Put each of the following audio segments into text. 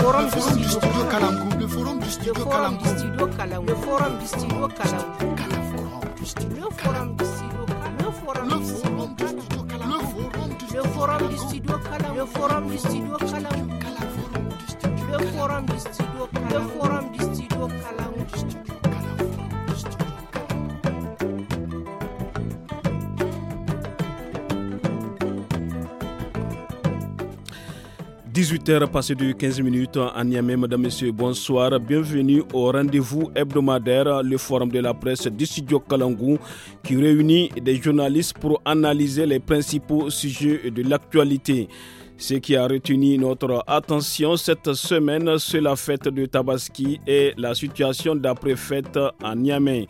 forum du studio le forum du studio le forum du studio le forum du studio le forum du studio le forum du studio le forum du studio forum du forum du du 18h passé de 15 minutes en Niamey, mesdames, messieurs, bonsoir. Bienvenue au rendez-vous hebdomadaire, le forum de la presse du studio Kalangou, qui réunit des journalistes pour analyser les principaux sujets de l'actualité. Ce qui a retenu notre attention cette semaine, c'est la fête de Tabaski et la situation d'après-fête à Niamey.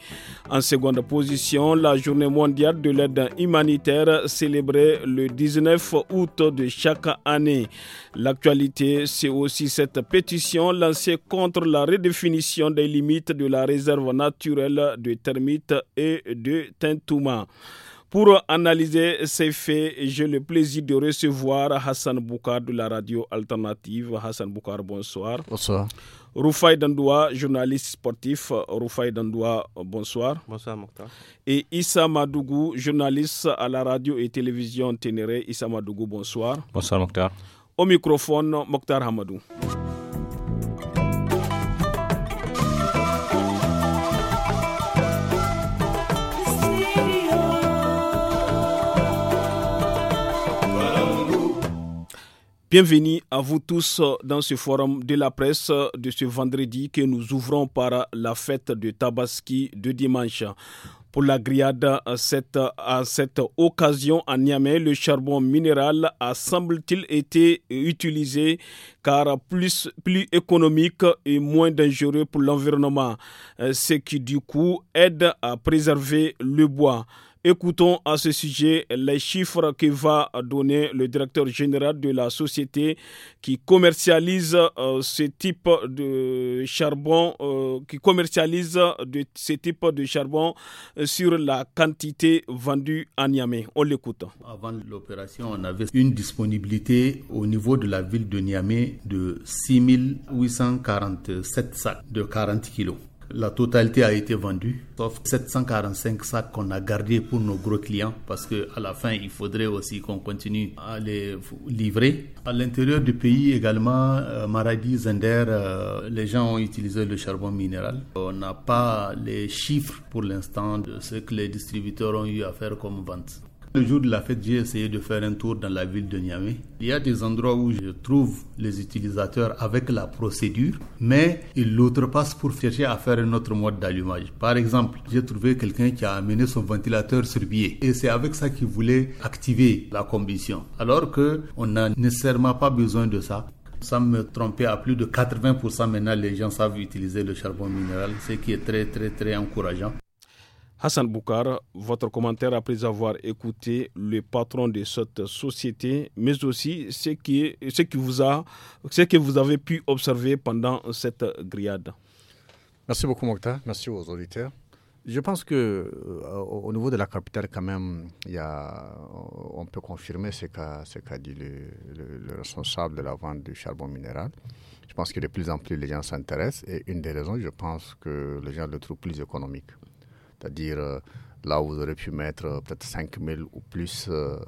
En seconde position, la journée mondiale de l'aide humanitaire célébrée le 19 août de chaque année. L'actualité, c'est aussi cette pétition lancée contre la redéfinition des limites de la réserve naturelle de termites et de Tintouma. Pour analyser ces faits, j'ai le plaisir de recevoir Hassan Boukar de la radio alternative. Hassan Boukar, bonsoir. Bonsoir. Roufaï Dandoua, journaliste sportif. Roufaï Dandoua, bonsoir. Bonsoir, Mokhtar. Et Issa Madougou, journaliste à la radio et télévision Ténéré. Issa Madougou, bonsoir. Bonsoir, Mokhtar. Au microphone, Mokhtar Hamadou. Bienvenue à vous tous dans ce forum de la presse de ce vendredi que nous ouvrons par la fête de Tabaski de dimanche. Pour la grillade, à cette occasion à Niamey, le charbon minéral a semble-t-il été utilisé car plus, plus économique et moins dangereux pour l'environnement, euh, ce qui du coup aide à préserver le bois. Écoutons à ce sujet les chiffres que va donner le directeur général de la société qui commercialise euh, ce type de charbon, euh, qui commercialise de, ce type de charbon euh, sur la quantité vendue à Niamey. On l'écoute. Avant l'opération, on avait une disponibilité au niveau de la ville de Niamey de 6847 sacs de 40 kilos. La totalité a été vendue, sauf 745 sacs qu'on a gardés pour nos gros clients, parce qu'à la fin, il faudrait aussi qu'on continue à les livrer. À l'intérieur du pays également, euh, Maradi, Zender, euh, les gens ont utilisé le charbon minéral. On n'a pas les chiffres pour l'instant de ce que les distributeurs ont eu à faire comme vente. Le jour de la fête, j'ai essayé de faire un tour dans la ville de Niamey. Il y a des endroits où je trouve les utilisateurs avec la procédure, mais ils l'outrepassent pour chercher à faire un autre mode d'allumage. Par exemple, j'ai trouvé quelqu'un qui a amené son ventilateur sur billet et c'est avec ça qu'il voulait activer la combustion, alors que on n'a nécessairement pas besoin de ça. Ça me trompait à plus de 80% maintenant, les gens savent utiliser le charbon minéral, ce qui est très très très encourageant. Hassan Boukar, votre commentaire après avoir écouté le patron de cette société, mais aussi ce, qui, ce, qui vous a, ce que vous avez pu observer pendant cette grillade. Merci beaucoup, Mokta. Merci aux auditeurs. Je pense que euh, au niveau de la capitale, quand même, y a, on peut confirmer ce qu'a dit le, responsable de la vente du charbon minéral. Je pense que de plus en plus les gens s'intéressent et une des raisons, je pense que les gens le trouvent plus économique c'est-à-dire euh, là où vous aurez pu mettre euh, peut-être 5000 ou plus euh,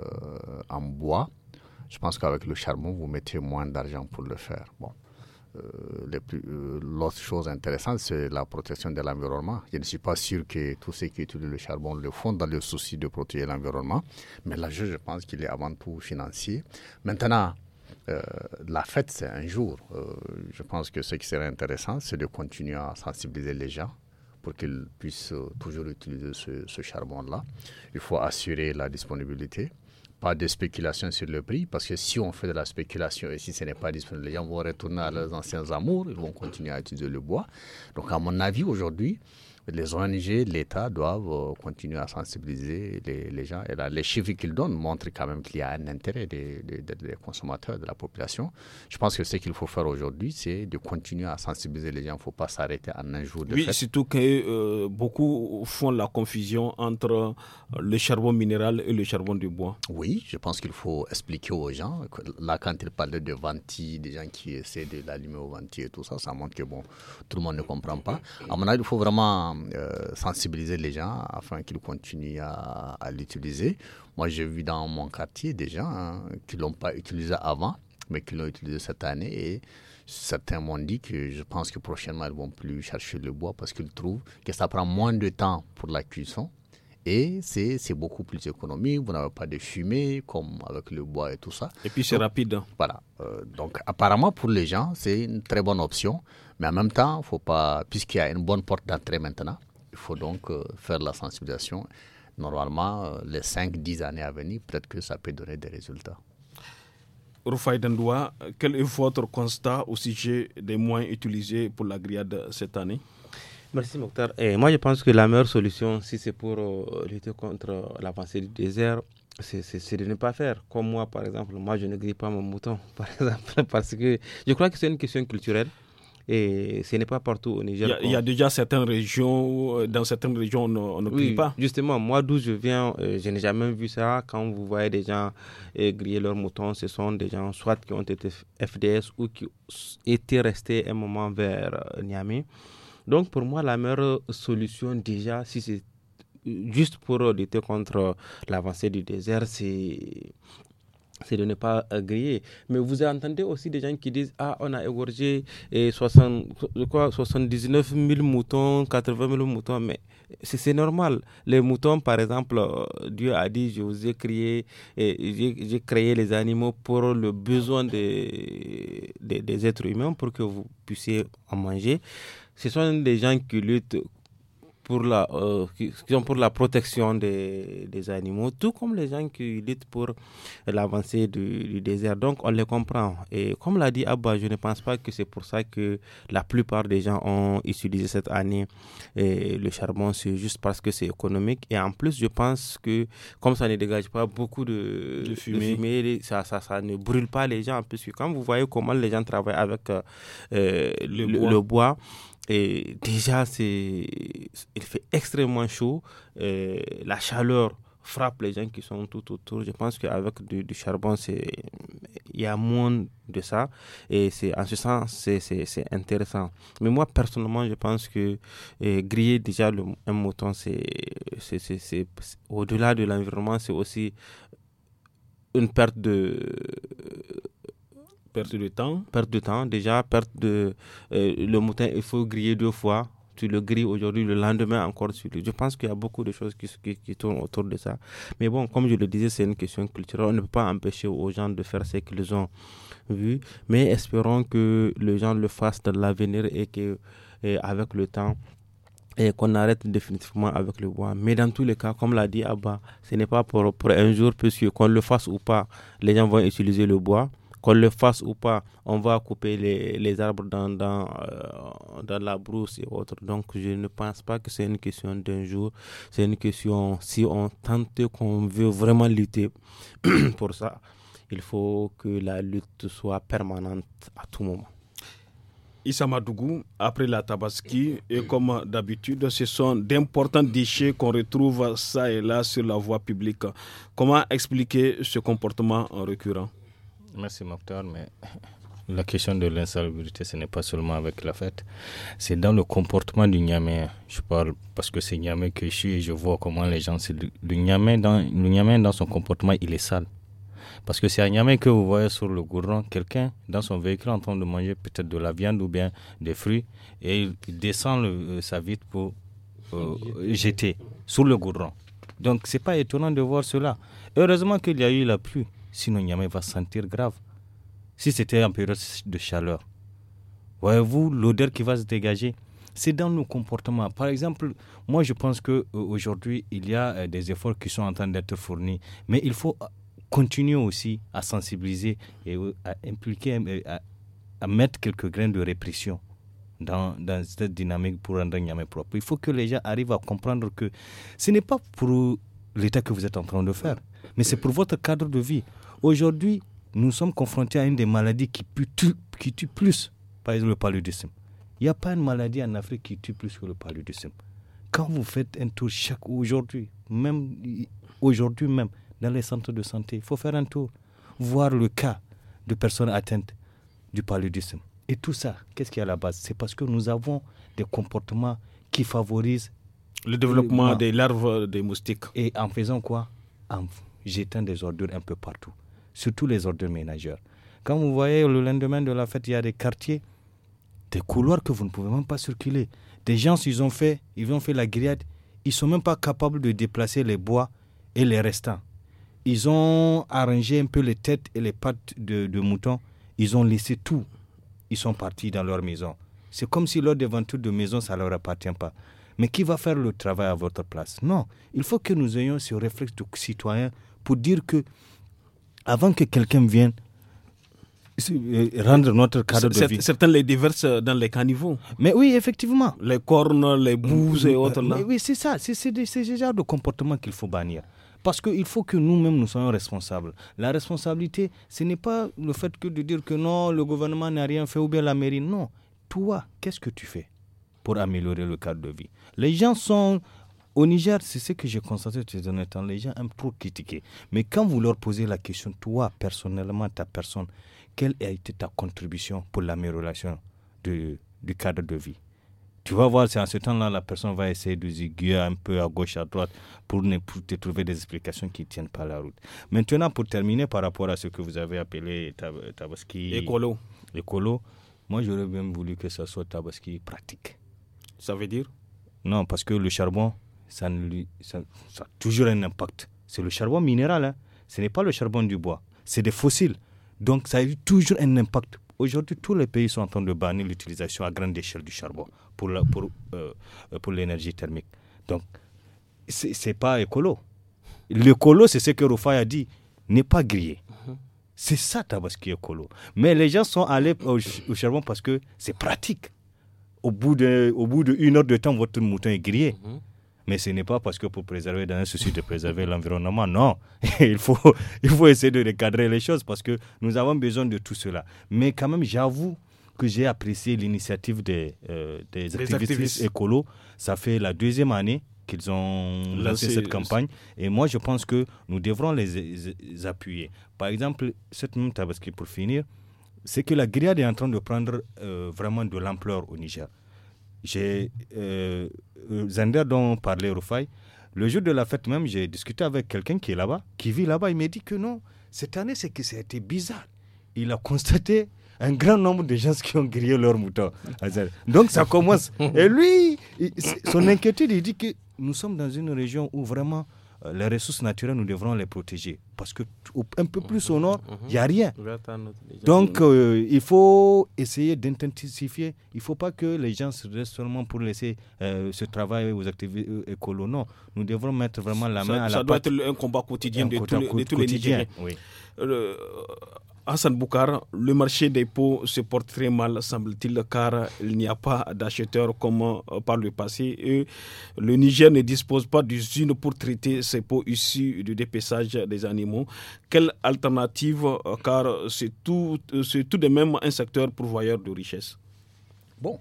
en bois. Je pense qu'avec le charbon, vous mettez moins d'argent pour le faire. Bon. L'autre chose intéressante, c'est la protection de l'environnement. Je ne suis pas sûr que tous ceux qui utilisent le charbon le font dans le souci de protéger l'environnement, mais là, je pense qu'il est avant tout financier. Maintenant, la fête, c'est un jour. je pense que ce qui serait intéressant, c'est de continuer à sensibiliser les gens pour qu'ils puissent euh, toujours utiliser ce, charbon-là. Il faut assurer la disponibilité. Pas de spéculation sur le prix, parce que si on fait de la spéculation et si ce n'est pas disponible, les gens vont retourner à leurs anciens amours, ils vont continuer à utiliser le bois. Donc, à mon avis, aujourd'hui, les ONG, l'État doivent euh, continuer à sensibiliser les, gens. Et là, les chiffres qu'ils donnent montrent quand même qu'il y a un intérêt des, consommateurs, de la population. Je pense que ce qu'il faut faire aujourd'hui, c'est de continuer à sensibiliser les gens. Il ne faut pas s'arrêter en un jour de Oui, surtout que euh, beaucoup font la confusion entre le charbon minéral et le charbon du bois. Oui, je pense qu'il faut expliquer aux gens. là, quand ils parlent de venti, des gens qui essaient de l'allumer au venti et tout ça, ça montre que bon, tout le monde ne comprend pas. À mon avis, il faut vraiment euh, sensibiliser les gens afin qu'ils continuent à, l'utiliser. Moi, j'ai vu dans mon quartier des gens hein, qui ne l'ont pas utilisé avant, mais qui l'ont utilisé cette année. Et certains m'ont dit que je pense que prochainement, ils ne vont plus chercher le bois parce qu'ils trouvent que ça prend moins de temps pour la cuisson et c'est beaucoup plus économique, vous n'avez pas de fumée comme avec le bois et tout ça. Et puis c'est rapide. Hein. Voilà. Euh, donc apparemment pour les gens, c'est une très bonne option, mais en même temps, faut pas puisqu'il y a une bonne porte d'entrée maintenant, il faut donc euh, faire la sensibilisation. Normalement, euh, les 5-10 années à venir, peut-être que ça peut donner des résultats. Rufai Dandoua, quel est votre constat au sujet des moyens utilisés pour la grillade cette année Merci Mokhtar. Et moi, je pense que la meilleure solution, si c'est pour euh, lutter contre l'avancée du désert, c'est de ne pas faire. Comme moi, par exemple, moi, je ne grille pas mon mouton, par exemple, parce que je crois que c'est une question culturelle. Et ce n'est pas partout au Niger. Il y, a déjà certaines régions, euh, dans certaines régions, on, ne grille pas. Justement, moi d'où je viens, euh, je n'ai jamais vu ça. Quand vous voyez des gens griller leurs moutons, ce sont des gens soit qui ont été FDS ou qui étaient restés un moment vers Niamey. Donc pour moi, la meilleure solution déjà, si c'est euh, juste pour lutter contre l'avancée du désert, c'est c'est de ne pas euh, griller. Mais vous entendez aussi des gens qui disent Ah, on a égorgé 79 euh, 000 moutons, 80 000 moutons. Mais c'est normal. Les moutons, par exemple, Dieu a dit Je vous ai créé, j'ai créé les animaux pour le besoin des, des êtres humains, pour que vous puissiez en manger ce sont des gens qui luttent pour la, euh, pour la protection des, animaux, tout comme les gens qui luttent pour l'avancée du, désert. Donc, on les comprend. Et comme l'a dit Abba, je ne pense pas que c'est pour ça que la plupart des gens ont utilisé cette année eh, le charbon, c'est juste parce que c'est économique. Et en plus, je pense que comme ça ne dégage pas beaucoup de, de fumée, ça, ça, ne brûle pas les gens, puisque quand vous voyez comment les gens travaillent avec euh, le bois et déjà, il fait extrêmement chaud. la chaleur frappe les gens qui sont tout autour. Je pense qu'avec du, du, charbon, il y a moins de ça. Et en ce sens, c'est intéressant. Mais moi, personnellement, je pense que griller déjà le, un mouton, c'est au-delà de l'environnement, c'est aussi une perte de, Perte de temps. Perte de temps, déjà, perte de. Euh, le mouton, il faut griller deux fois. Tu le grilles aujourd'hui, le lendemain encore. Je pense qu'il y a beaucoup de choses qui, qui, qui, tournent autour de ça. Mais bon, comme je le disais, c'est une question culturelle. On ne peut pas empêcher aux gens de faire ce qu'ils ont vu. Mais espérons que les gens le fassent dans l'avenir et que, avec le temps, et qu'on arrête définitivement avec le bois. Mais dans tous les cas, comme l'a dit Abba, ce n'est pas pour, pour un jour, puisque qu'on le fasse ou pas, les gens vont utiliser le bois qu'on le fasse ou pas, on va couper les, arbres dans, euh, dans, la brousse et autres. Donc, je ne pense pas que c'est une question d'un jour. C'est une question, si on tente qu'on veut vraiment lutter pour ça, il faut que la lutte soit permanente à tout moment. Issa après la Tabaski, et comme d'habitude, ce sont d'importants déchets qu'on retrouve ça et là sur la voie publique. Comment expliquer ce comportement récurrent Merci, Mokhtar. Mais la question de l'insalubrité, ce n'est pas seulement avec la fête, c'est dans le comportement du Niamé. Hein. Je parle parce que c'est Niamé que je suis et je vois comment les gens. Le Niamé, dans, dans son comportement, il est sale. Parce que c'est à Niamey que vous voyez sur le gouron quelqu'un dans son véhicule en train de manger peut-être de la viande ou bien des fruits et il descend le, euh, sa vitre pour euh, jeter sur le gouron Donc c'est pas étonnant de voir cela. Heureusement qu'il y a eu la pluie. Sinon, Niamey va se sentir grave. Si c'était en période de chaleur, voyez-vous l'odeur qui va se dégager c'est dans nos comportements. Par exemple, moi je pense que euh, aujourd'hui il y a euh, des efforts qui sont en train d'être fournis, mais il faut euh, continuer aussi à sensibiliser et à impliquer, à, mettre quelques grains de répression dans, dans cette dynamique pour rendre Niamey propre. Il faut que les gens arrivent à comprendre que ce n'est pas pour l'État que vous êtes en train de faire, mais c'est pour votre cadre de vie. Aujourd'hui, nous sommes confrontés à une des maladies qui, tue, qui tue plus, par exemple le paludisme. Il n'y a pas une maladie en Afrique qui tue plus que le paludisme. Quand vous faites un tour chaque aujourd'hui, même aujourd'hui même, dans les centres de santé, il faut faire un tour, voir le cas de personnes atteintes du paludisme. Et tout ça, qu'est-ce qu'il y a à la base C'est parce que nous avons des comportements qui favorisent le développement des larves des moustiques. Et en faisant quoi En jetant des ordures un peu partout surtout les ordres ménageurs. Quand vous voyez le lendemain de la fête, il y a des quartiers, des couloirs que vous ne pouvez même pas circuler. Des gens, ils ont fait, ils ont fait la grillade, ils ne sont même pas capables de déplacer les bois et les restants. Ils ont arrangé un peu les têtes et les pattes de, moutons. Ils ont laissé tout. Ils sont partis dans leur maison. C'est comme si leur devanture de maison, ça ne leur appartient pas. Mais qui va faire le travail à votre place Non, il faut que nous ayons ce réflexe de citoyen pour dire que avant que quelqu'un vienne euh, rendre notre cadre de vie. Certains les déversent euh, dans les caniveaux. Mais oui, effectivement. Les cornes, les bouses et euh, autres. Là. Mais oui, c'est ça. C'est ce genre de comportement qu'il faut bannir. Parce qu'il faut que nous-mêmes, nous soyons responsables. La responsabilité, ce n'est pas le fait que de dire que non, le gouvernement n'a rien fait ou bien la mairie. Non. Toi, qu'est-ce que tu fais pour améliorer le cadre de vie Les gens sont au Niger, c'est ce que j'ai constaté ces derniers temps. Les gens aiment trop critiquer. Mais quand vous leur posez la question, toi, personnellement, ta personne, quelle a été ta contribution pour l'amélioration du, du cadre de vie tu vas voir, c'est en ce temps-là, la personne va essayer de ziguer un peu à gauche, à droite pour, ne, te trouver des explications qui ne tiennent pas la route. Maintenant, pour terminer, par rapport à ce que vous avez appelé Tabaski. Écolo. Écolo, moi j'aurais bien voulu que ça soit Tabaski pratique. Ça veut dire Non, parce que le charbon, ça, lui, ça, a toujours un impact. C'est le charbon minéral, hein. ce n'est pas le charbon du bois, c'est des fossiles. Donc ça a eu toujours un impact. Aujourd'hui, tous les pays sont en train de bannir l'utilisation à grande échelle du charbon pour euh, euh, l'énergie pour, thermique. Donc, ce n'est pas écolo. L'écolo, c'est ce que Rufai a dit, n'est pas grillé. C'est ça Tabaski écolo. Mais les gens sont allés au, charbon parce que c'est pratique. Au bout, au bout d'une heure de temps, votre mouton est grillé mais ce n'est pas parce que pour préserver, dans un souci de préserver l'environnement, non. il, faut, il faut essayer de recadrer les choses parce que nous avons besoin de tout cela. Mais quand même, j'avoue que j'ai apprécié l'initiative des, euh, des, activistes, écolos. Ça fait la deuxième année qu'ils ont lancé cette campagne. Et moi, je pense que nous devrons les, appuyer. Par exemple, cette même Tabaski, pour finir, c'est que la grillade est en train de prendre euh, vraiment de l'ampleur au Niger. J'ai euh, euh, Zender dont parlait Rufai. Le jour de la fête même, j'ai discuté avec quelqu'un qui est là-bas, qui vit là-bas. Il m'a dit que non, cette année, c'est que ça a été bizarre. Il a constaté un grand nombre de gens qui ont grillé leur mouton. Donc ça commence. Et lui, son inquiétude, il dit que nous sommes dans une région où vraiment euh, les ressources naturelles, nous devrons les protéger. Parce que un peu plus au mhm. nord, il mhm. n'y a rien. Donc, euh, il faut essayer d'intensifier. Il ne faut pas que les gens se restent seulement pour laisser euh, ce travail aux activités non Nous devons mettre vraiment la main à la Ça doit être un combat quotidien de, tous les Nigériens. Hassan Boukar, le marché des pots se porte très mal, semble-t-il, car il n'y a pas d'acheteurs comme euh, par le passé le Niger ne dispose pas d'usines pour traiter ces pots issus du dépêchage des animaux. Quelle alternative, euh, car euh, c'est tout, de même un secteur pourvoyeur de richesses Bon,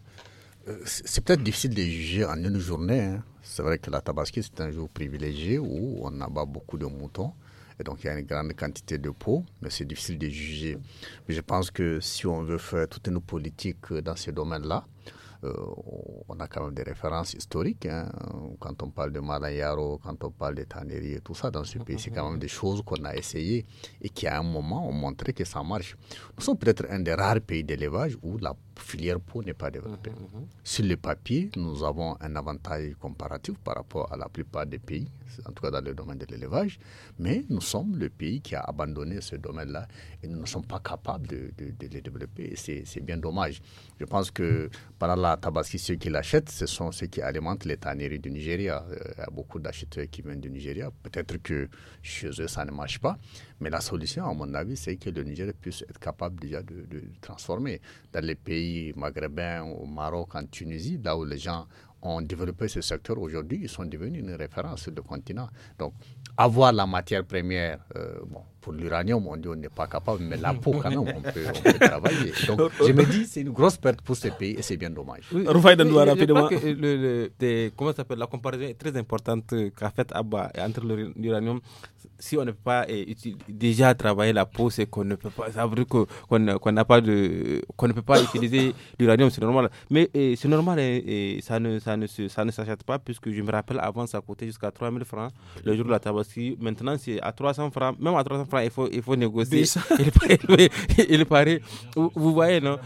c'est peut-être difficile de juger en une journée. Hein. C'est vrai que la Tabaski, c'est un jour privilégié où on abat beaucoup de moutons. Et donc, il y a une grande quantité de peau, mais c'est difficile de juger. Mais je pense que si on veut faire toute une politique dans ce domaine-là, euh, on a quand même des références historiques. Hein. Quand on parle de malayaro quand on parle de tanneries et tout ça dans ce pays, c'est quand même des choses qu'on a essayées et qui à un moment ont montré que ça marche. Nous sommes peut-être un des rares pays d'élevage où la filière peau n'est pas développée. Mhm, mhm. Sur le papier, nous avons un avantage comparatif par rapport à la plupart des pays, en tout cas dans le domaine de l'élevage, mais nous sommes le pays qui a abandonné ce domaine-là et nous ne sommes pas capables de, de, le développer. C'est bien dommage. Je pense que par la tabaski, ceux qui l'achètent, ce sont ceux qui alimentent les tanneries du Nigeria. Euh, il y a beaucoup d'acheteurs qui viennent du Nigeria. Peut-être que chez eux, ça ne marche pas, mais la solution, à mon avis, c'est que le Nigeria puisse être capable déjà de, de transformer dans les pays maghrébins, au Maroc, en Tunisie, là où les gens ont développé ce secteur aujourd'hui, ils sont devenus une référence de continent. Donc, avoir la matière première, euh, bon, pour l'uranium, on dit on n'est pas capable, mais la peau, quand même, on peut, travailler. Donc, je me dis, c'est une grosse perte pour ces pays et c'est bien dommage. comment ça s'appelle La comparaison est très importante qu'a faite Abba entre l'uranium. Si on ne peut pas et, déjà travailler la peau, c'est qu'on ne peut pas. Ça veut qu'on n'a pas de. qu'on ne peut pas utiliser l'uranium, c'est normal. Mais c'est normal hein, et, ça ne, ça ne, ça ne s'achète pas, puisque je me rappelle, avant, ça coûtait jusqu'à 3000 francs le jour de la tabaski. Maintenant, c'est à 300 francs, même à 300 francs il faut, il faut négocier. il, paraît, vous, voyez, non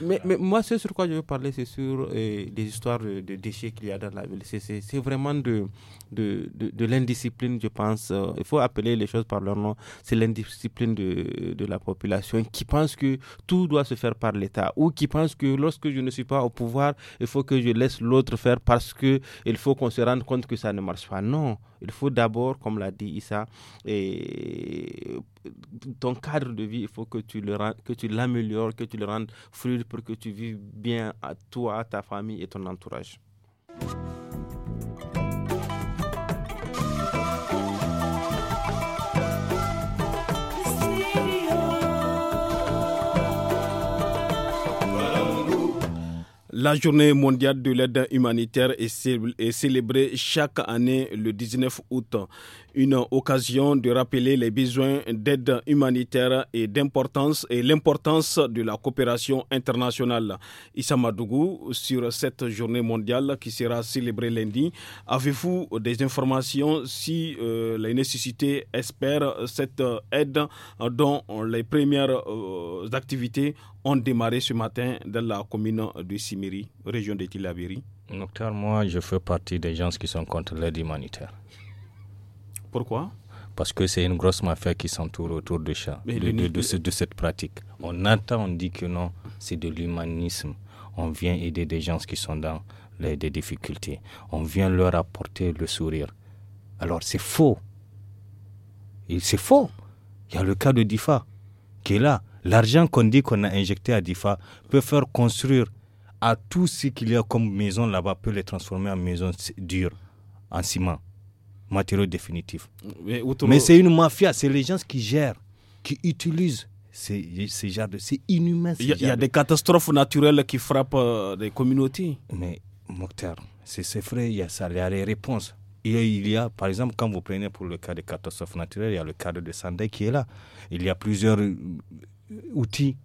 mais, mais, moi, ce sur quoi je veux parler, c'est sur euh, des histoires de, déchets qu'il y a dans la ville. C'est vraiment de, de, de, de l'indiscipline, je pense. Euh, il faut appeler les choses par leur nom. C'est l'indiscipline de, de la population qui pense que tout doit se faire par l'État ou qui pense que lorsque je ne suis pas au pouvoir, il faut que je laisse l'autre faire parce qu'il faut qu'on se rende compte que ça ne marche pas. Non, il faut d'abord, comme l'a dit Issa, et ton cadre de vie, il faut que tu le que tu l'améliores, que tu le rendes fluide pour que tu vives bien à toi, ta famille et ton entourage. La journée mondiale de l'aide humanitaire est célébrée chaque année le 19 août une occasion de rappeler les besoins d'aide humanitaire et d'importance et l'importance de la coopération internationale. Issa sur cette journée mondiale qui sera célébrée lundi, avez-vous des informations si euh, les nécessités espèrent cette aide dont les premières euh, activités ont démarré ce matin dans la commune de Simiri, région de Tilabiri Docteur, moi je fais partie des gens qui sont contre l'aide humanitaire. Pourquoi parce que c'est une grosse mafia qui s'entoure autour de, ça, de, cette pratique. On attend, on dit que non, c'est de l'humanisme. On vient aider des gens qui sont dans des difficultés. On vient leur apporter le sourire. Alors c'est faux. C'est faux. Il y a le cas de Difa qui est là. L'argent qu'on dit qu'on a injecté à Difa peut faire construire à tout ce qu'il y a comme maison là-bas, peut les transformer en maison dure, en ciment matériaux définitifs. Mais, c'est une mafia, c'est les gens qui gèrent, qui utilisent ces, gens de. C'est inhumain. Il y, a des catastrophes naturelles qui frappent euh, des communautés. Mais Mokhtar, c'est vrai, il y a ça, il y a les réponses. il y a, par exemple, quand vous prenez pour le cas des catastrophes naturelles, il y a le cadre de Sandé qui est là. Il y a plusieurs euh, outils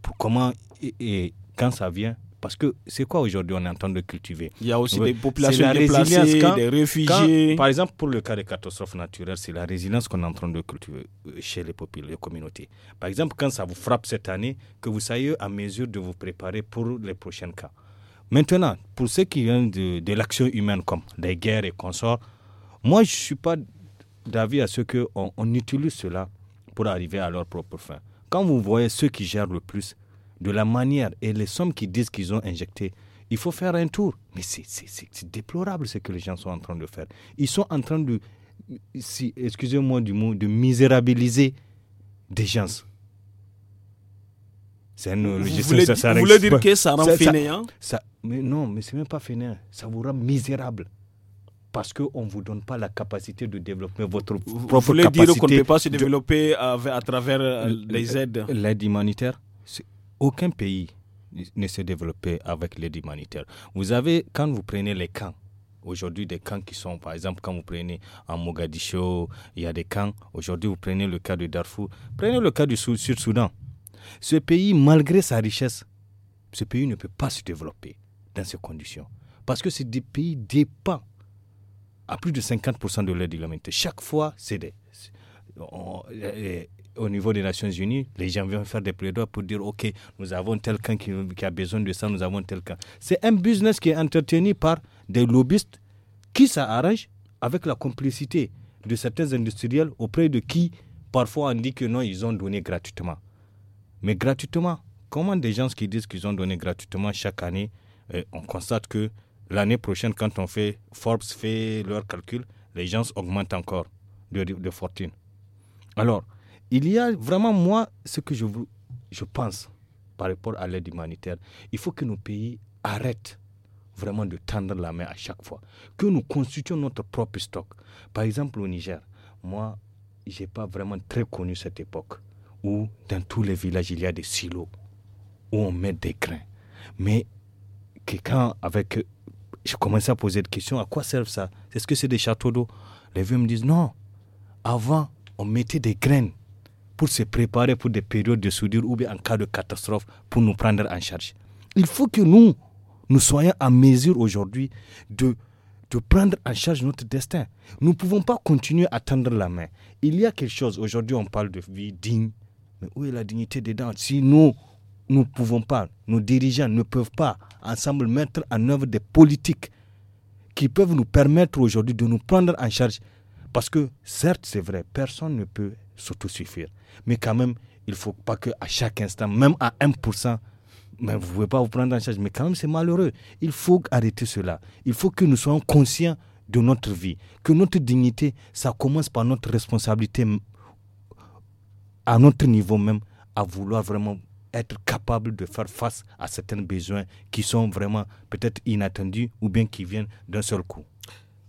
pour comment, et quand ça vient, parce que c'est quoi aujourd'hui on est en train de cultiver Il y a aussi des populations déplacées, des réfugiés. par exemple, pour le cas des catastrophes naturelles, c'est la résilience qu'on est en train de cultiver euh, chez les, les communautés. Par exemple, quand ça vous frappe cette année, que vous soyez à mesure de vous préparer pour les prochains cas. Maintenant, pour ceux qui viennent de, l'action humaine, comme des guerres et consorts, moi, je ne suis pas d'avis à ce qu'on on utilise cela pour arriver à leur propre fin. Quand vous voyez ceux qui gèrent le plus, de la manière et les sommes qu'ils disent qu'ils ont injectées, il faut faire un tour. Mais c'est déplorable ce que les gens sont en train de faire. Ils sont en train de, si, excusez-moi du mot, de misérabiliser des gens. C'est vous, vous voulez, dire que ça rend fainéant ça, mais Non, mais c'est même pas fainéant. Ça vous rend misérable. Parce qu'on ne vous donne pas la capacité de développer votre propre capacité. Vous voulez dire qu'on ne peut pas se développer à, à, travers euh, les euh, aides L'aide humanitaire aucun pays ne s'est développé avec l'aide humanitaire. Vous avez, quand vous prenez les camps, aujourd'hui des camps qui sont, par exemple, quand vous prenez en Mogadiscio, il y a des camps. Aujourd'hui, vous prenez le cas de Darfour, prenez le cas du Sud-Soudan. Ce pays, malgré sa richesse, ce pays ne peut pas se développer dans ces conditions. Parce que ce pays dépend à plus de 50% de l'aide humanitaire. Chaque fois, c'est des, au niveau des Nations Unies, les gens viennent faire des plaidoirs pour dire OK, nous avons tel camp qui, a besoin de ça, nous avons tel camp. C'est un business qui est entretenu par des lobbyistes qui s'arrangent avec la complicité de certains industriels auprès de qui parfois on dit que non, ils ont donné gratuitement. Mais gratuitement, comment des gens qui disent qu'ils ont donné gratuitement chaque année, euh, on constate que l'année prochaine, quand on fait Forbes fait leur calcul, les gens augmentent encore de fortune. Alors, il y a vraiment, moi, ce que je, je pense par rapport à l'aide humanitaire, il faut que nos pays arrêtent vraiment de tendre la main à chaque fois, que nous constituions notre propre stock. Par exemple, au Niger, moi, je n'ai pas vraiment très connu cette époque où dans tous les villages, il y a des silos où on met des grains. Mais que quand, avec, je commençais à poser des questions, à quoi servent ça Est-ce que c'est des châteaux d'eau Les vieux me disent non. Avant, on mettait des graines pour se préparer pour des périodes de soudure ou bien en cas de catastrophe pour nous prendre en charge. Il faut que nous, nous soyons en mesure aujourd'hui de, de prendre en charge notre destin. Nous ne pouvons pas continuer à tendre la main. Il y a quelque chose, aujourd'hui on parle de vie digne, mais où est la dignité dedans Si nous, nous ne pouvons pas, nos dirigeants ne peuvent pas ensemble mettre en œuvre des politiques qui peuvent nous permettre aujourd'hui de nous prendre en charge. Parce que certes, c'est vrai, personne ne peut s'autosuffire. Mais quand même, il ne faut pas qu'à chaque instant, même à 1%, mais vous ne pouvez pas vous prendre en charge. Mais quand même, c'est malheureux. Il faut arrêter cela. Il faut que nous soyons conscients de notre vie, que notre dignité, ça commence par notre responsabilité à notre niveau même, à vouloir vraiment être capable de faire face à certains besoins qui sont vraiment peut-être inattendus ou bien qui viennent d'un seul coup.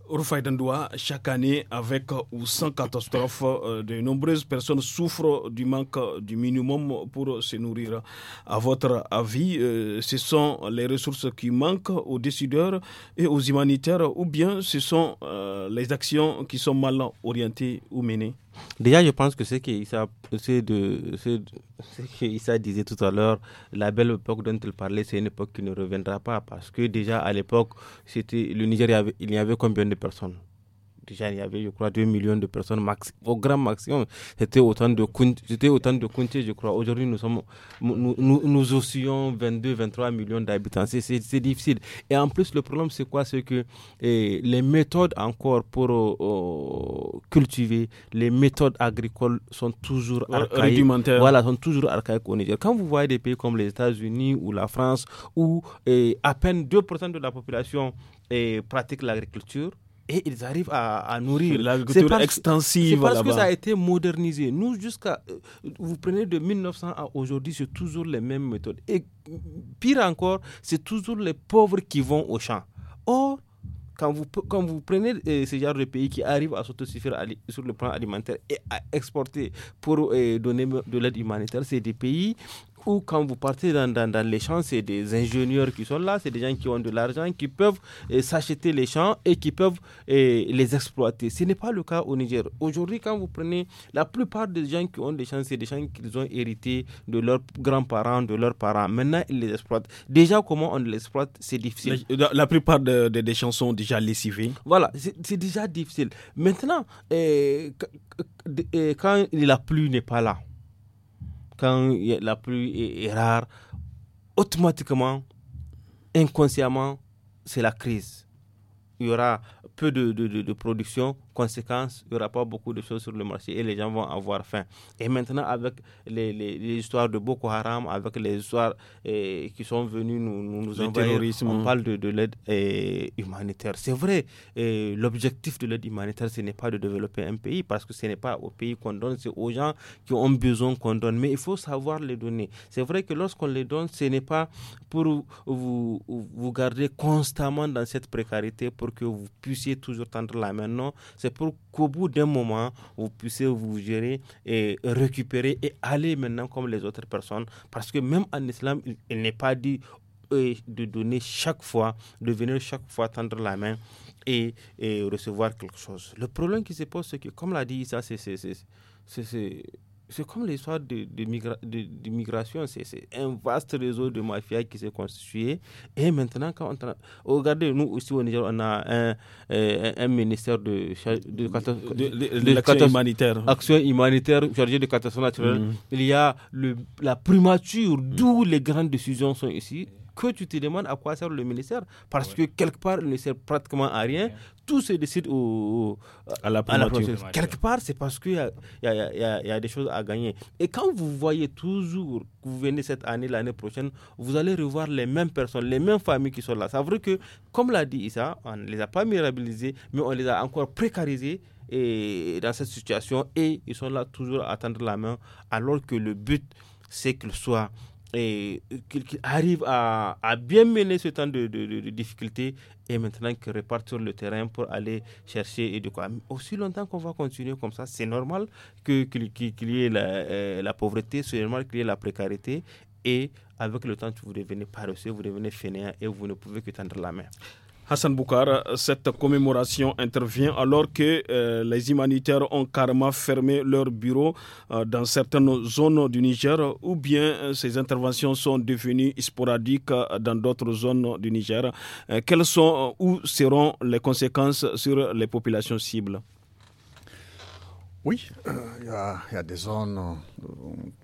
Rufai Dandoua, chaque année, avec ou sans catastrophe, euh, de nombreuses personnes souffrent du manque du minimum pour se nourrir. À votre avis, euh, ce sont les ressources qui manquent aux décideurs et aux humanitaires ou bien ce sont euh, les actions qui sont mal orientées ou menées Déjà, je pense que ce qu'Issa de, ce, disait tout à l'heure, la belle époque dont il parlait, c'est une époque qui ne reviendra pas parce que déjà à l'époque, c'était le Niger, il y avait combien de personnes déjà il y avait, je crois, 2 millions de personnes max, au grand maximum. C'était autant de c'était autant de comtés, je crois. Aujourd'hui, nous sommes, nous, nous, 22, 23 millions d'habitants. C'est difficile. Et en plus, le problème, c'est quoi C'est que eh, les méthodes encore pour euh, euh, cultiver, les méthodes agricoles sont toujours archaïques. Voilà, sont toujours archaïques au Niger. Quand vous voyez des pays comme les États-Unis ou la France, où eh, à peine 2% de la population eh, pratique l'agriculture, et ils arrivent à, à nourrir. L'agriculture extensive. C'est parce que ça a été modernisé. Nous, jusqu'à. Euh, vous prenez de 1900 à aujourd'hui, c'est toujours les mêmes méthodes. Et pire encore, c'est toujours les pauvres qui vont au champ. Or, quand vous, quand vous prenez ces euh, ce de pays qui arrivent à s'autosuffire sur le plan alimentaire et à exporter pour euh, donner de l'aide humanitaire, c'est des pays ou quand vous partez dans, dans, les champs, c'est des ingénieurs qui sont là, c'est des gens qui ont de l'argent, qui peuvent eh, s'acheter les champs et qui peuvent eh, les exploiter. Ce n'est pas le cas au Niger. Aujourd'hui, quand vous prenez la plupart des gens qui ont des champs, c'est des champs qu'ils ont hérité de leurs grands-parents, de leurs parents. Maintenant, ils les exploitent. Déjà, comment on les exploite, c'est difficile. Euh, la, plupart de, des champs sont déjà lessivés. Voilà, c'est déjà difficile. Maintenant, eh, quand la pluie n'est pas là, quand la pluie est, rare, automatiquement, inconsciemment, c'est la crise. Il y aura peu de, production, Conséquence, il n'y aura pas beaucoup de choses sur le marché et les gens vont avoir faim. Et maintenant, avec les, les, histoires de Boko Haram, avec les histoires eh, qui sont venues nous, nous, nous on parle de, de l'aide eh, humanitaire. C'est vrai, eh, l'objectif de l'aide humanitaire, ce n'est pas de développer un pays parce que ce n'est pas au pays qu'on donne, c'est aux gens qui ont besoin qu'on donne. Mais il faut savoir les donner. C'est vrai que lorsqu'on les donne, ce n'est pas pour vous, vous garder constamment dans cette précarité pour que vous puissiez toujours tendre la main. Non, c'est pour qu'au bout d'un moment, vous puissiez vous gérer et récupérer et aller maintenant comme les autres personnes. Parce que même en islam, il n'est pas dit euh, de donner chaque fois, de venir chaque fois tendre la main et, recevoir quelque chose. Le problème qui se pose, c'est que, comme l'a dit Issa, c'est c'est comme l'histoire de, de, migration, c'est un vaste réseau de mafia qui s'est constitué. Et maintenant, quand on regardez, nous aussi au Niger, on a un, euh, un ministère de, de, humanitaire. action humanitaire chargé de catastrophes naturelles. Mm. Il y a le, la primature, d'où les grandes décisions sont ici que tu te demandes à quoi sert le ministère, parce que quelque part, il ne sert pratiquement à rien. Tout se décide au, à la, à Quelque part, c'est parce qu'il y, y, y a, des choses à gagner. Et quand vous voyez toujours que vous venez cette année, l'année prochaine, vous allez revoir les mêmes personnes, les mêmes familles qui sont là. C'est vrai que, comme l'a dit Issa, on ne les a pas mirabilisés, mais on les a encore précarisés et dans cette situation et ils sont là toujours à tendre la main alors que le but c'est qu'ils soient et qu'il arrive à, bien mener ce temps de, de, difficultés et maintenant qu'il repart sur le terrain pour aller chercher et de quoi. Aussi longtemps qu'on va continuer comme ça, c'est normal qu'il y ait la, euh, la pauvreté, c'est normal qu'il y ait la précarité et avec le temps, vous devenez paresseux, vous devenez fainéant et vous ne pouvez que tendre la main. Hassan Boukar, cette commémoration intervient alors que euh, les humanitaires ont carrément fermé leurs bureaux euh, dans certaines zones du Niger ou bien euh, ces interventions sont devenues sporadiques dans d'autres zones du Niger. quelles sont ou seront les conséquences sur les populations cibles oui, euh, il y, a, des zones,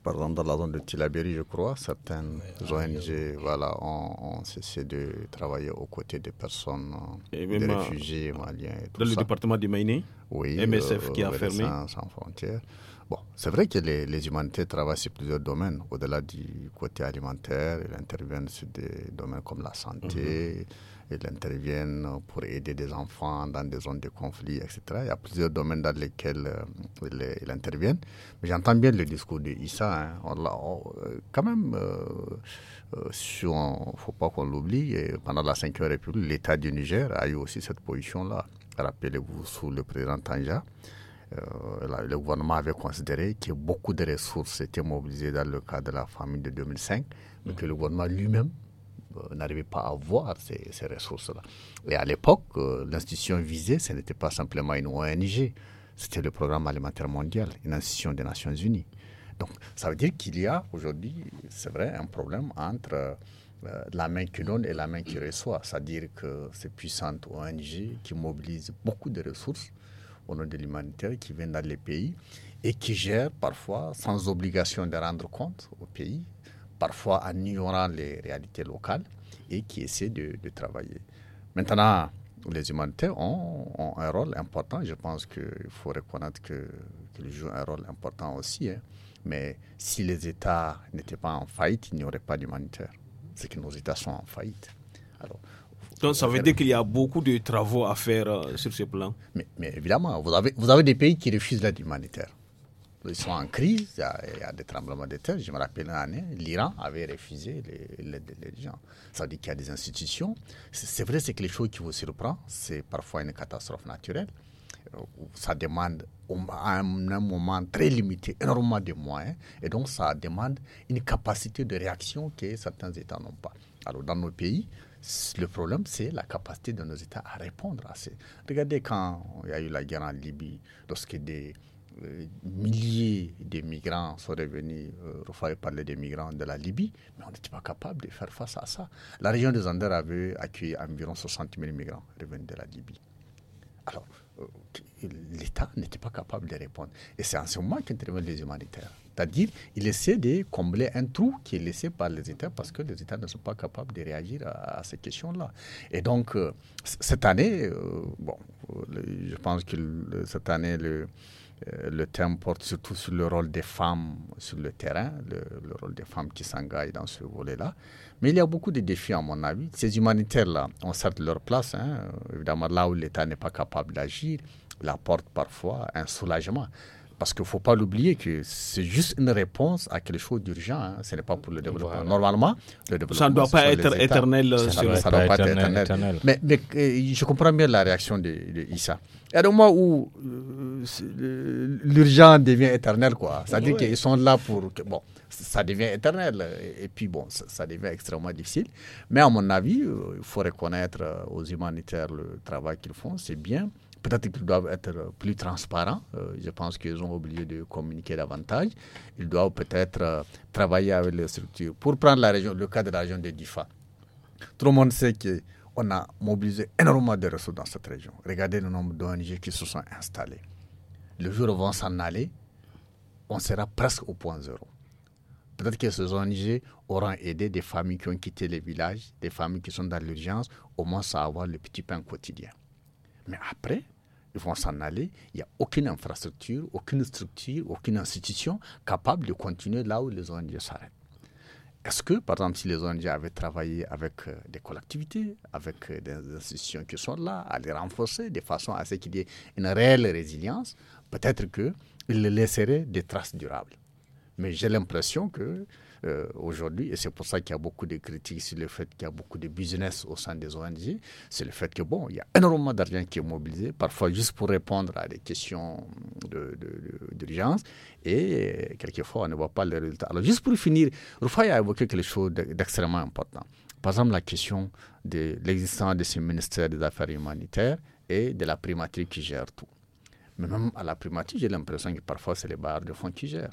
par exemple dans la zone de Tilaberi, je crois, certaines ONG voilà, ont, cessé de travailler aux côtés des personnes, des euh, réfugiés maliens et tout Dans le département du Maïné MSF euh, qui a fermé. Sans frontières. c'est vrai que les, humanités travaillent sur plusieurs domaines. Au-delà du côté alimentaire, ils interviennent sur des domaines comme la santé. Mhm. Ils interviennent pour aider des enfants dans des zones de conflit, etc. Il y a plusieurs domaines dans lesquels ils euh, euh, interviennent. Mais j'entends bien le discours de Issa. Hein. Euh, quand même, il ne faut pas qu'on l'oublie, pendant la 5e République, l'État du Niger a eu aussi cette position-là. Rappelez-vous, sous le président Tanja, le gouvernement avait considéré que beaucoup de ressources étaient mobilisées dans le cadre de la famine de 2005, mais que le gouvernement lui-même euh, n'arrivaient pas à avoir ces, ressources-là. Et à l'époque, euh, l'institution visée, ce n'était pas simplement une ONG, c'était le Programme alimentaire mondial, une institution des Nations Unies. Donc, ça veut dire qu'il y a aujourd'hui, c'est vrai, un problème entre euh, la main qui donne et la main qui reçoit. C'est-à-dire que ces puissantes ONG qui mobilisent beaucoup de ressources au nom de l'humanitaire qui viennent dans les pays et qui gèrent parfois sans obligation de rendre compte au pays parfois en ignorant les réalités locales et qui essaient de, travailler. Maintenant, les humanitaires ont, un rôle important. Je pense qu'il faut reconnaître qu'ils jouent un rôle important aussi. Hein. Mais si les États n'étaient pas en faillite, il n'y aurait pas d'humanitaire. C'est que nos États sont en faillite. donc ça veut dire qu'il y a beaucoup de travaux à faire euh, sur ce plan. Mais, mais, évidemment, vous avez, vous avez des pays qui refusent l'aide humanitaire ils sont en crise, il y, a, des tremblements de terre. Je me rappelle l'année, l'Iran avait refusé l'aide des gens. Ça dit dire qu'il y a des institutions. C'est vrai, c'est que les choses qui vous surprennent, c'est parfois une catastrophe naturelle. Euh, ça demande à un moment très limité énormément de moyens et donc ça demande une capacité de réaction que certains États n'ont pas. Alors dans nos pays, le problème, c'est la capacité de nos États à répondre à ces. Regardez quand il y a eu la guerre en Libye, lorsque des, euh, milliers de migrants sont revenus, euh, Rufai parler des migrants de la Libye, mais on n'était pas capable de faire face à ça. La région des Andes avait accueilli environ 60 000 migrants revenus de la Libye. Alors, euh, l'État n'était pas capable de répondre. Et c'est en ce moment qu'interviennent les humanitaires. C'est-à-dire, il essaie de combler un trou qui est laissé par les États parce que les États ne sont pas capables de réagir à, ces questions-là. Et donc, cette année, bon, je pense que cette année, le, euh, le thème porte surtout sur le rôle des femmes sur le terrain, le, rôle des femmes qui s'engagent dans ce volet-là. Mais il y a beaucoup de défis, à mon avis. Ces humanitaires-là ont certes leur place, hein. évidemment, là où l'État n'est pas capable d'agir, il apporte parfois un soulagement. Parce qu'il ne faut pas l'oublier que c'est juste une réponse à quelque chose d'urgent. Hein. Ce n'est pas pour le développement. Normalement, le développement. Ça ne doit pas être éternel. Ça ne doit pas être éternel. Mais, euh, je comprends bien la réaction de, de Issa. Il y a où euh, l'urgent devient éternel, quoi. C'est-à-dire qu'ils sont là pour. Que, bon, ça devient éternel. Et, puis, bon, ça, devient extrêmement difficile. Mais à mon avis, euh, il faut reconnaître aux humanitaires le travail qu'ils font. C'est bien. Peut-être qu'ils doivent être euh, plus transparents. Euh, je pense qu'ils ont oublié de communiquer davantage. Ils doivent peut-être euh, travailler avec les structures. Pour prendre la région, le cas de la région de Difa, tout le monde sait qu'on a mobilisé énormément de ressources dans cette région. Regardez le nombre d'ONG qui se sont installées. Le jour où vont s'en aller, on sera presque au point zéro. Peut-être que ces ONG auront aidé des familles qui ont quitté les villages, des familles qui sont dans l'urgence, au moins à avoir le petit pain quotidien. Mais après, ils vont s'en aller. Il n'y a aucune infrastructure, aucune structure, aucune institution capable de continuer là où les ONG s'arrêtent. Est-ce que, par exemple, si les ONG avaient travaillé avec euh, des collectivités, avec euh, des institutions qui sont là, à les renforcer de façon à ce qu'il y ait une réelle résilience, peut-être qu'ils laisseraient des traces durables. Mais j'ai l'impression que euh, aujourd'hui, et c'est pour ça qu'il y a beaucoup de critiques sur le fait qu'il y a beaucoup de business au sein des ONG, c'est le fait que, bon, il y a énormément d'argent qui est mobilisé, parfois juste pour répondre à des questions d'urgence, et quelquefois, on ne voit pas les résultats. Alors, juste pour finir, Rufai a évoqué quelque chose d'extrêmement important. Par exemple, la question de l'existence de ce ministère des Affaires humanitaires et de la primatrice qui gère tout. Mais même à la primature, j'ai l'impression que parfois, c'est les barres de fonds qui gèrent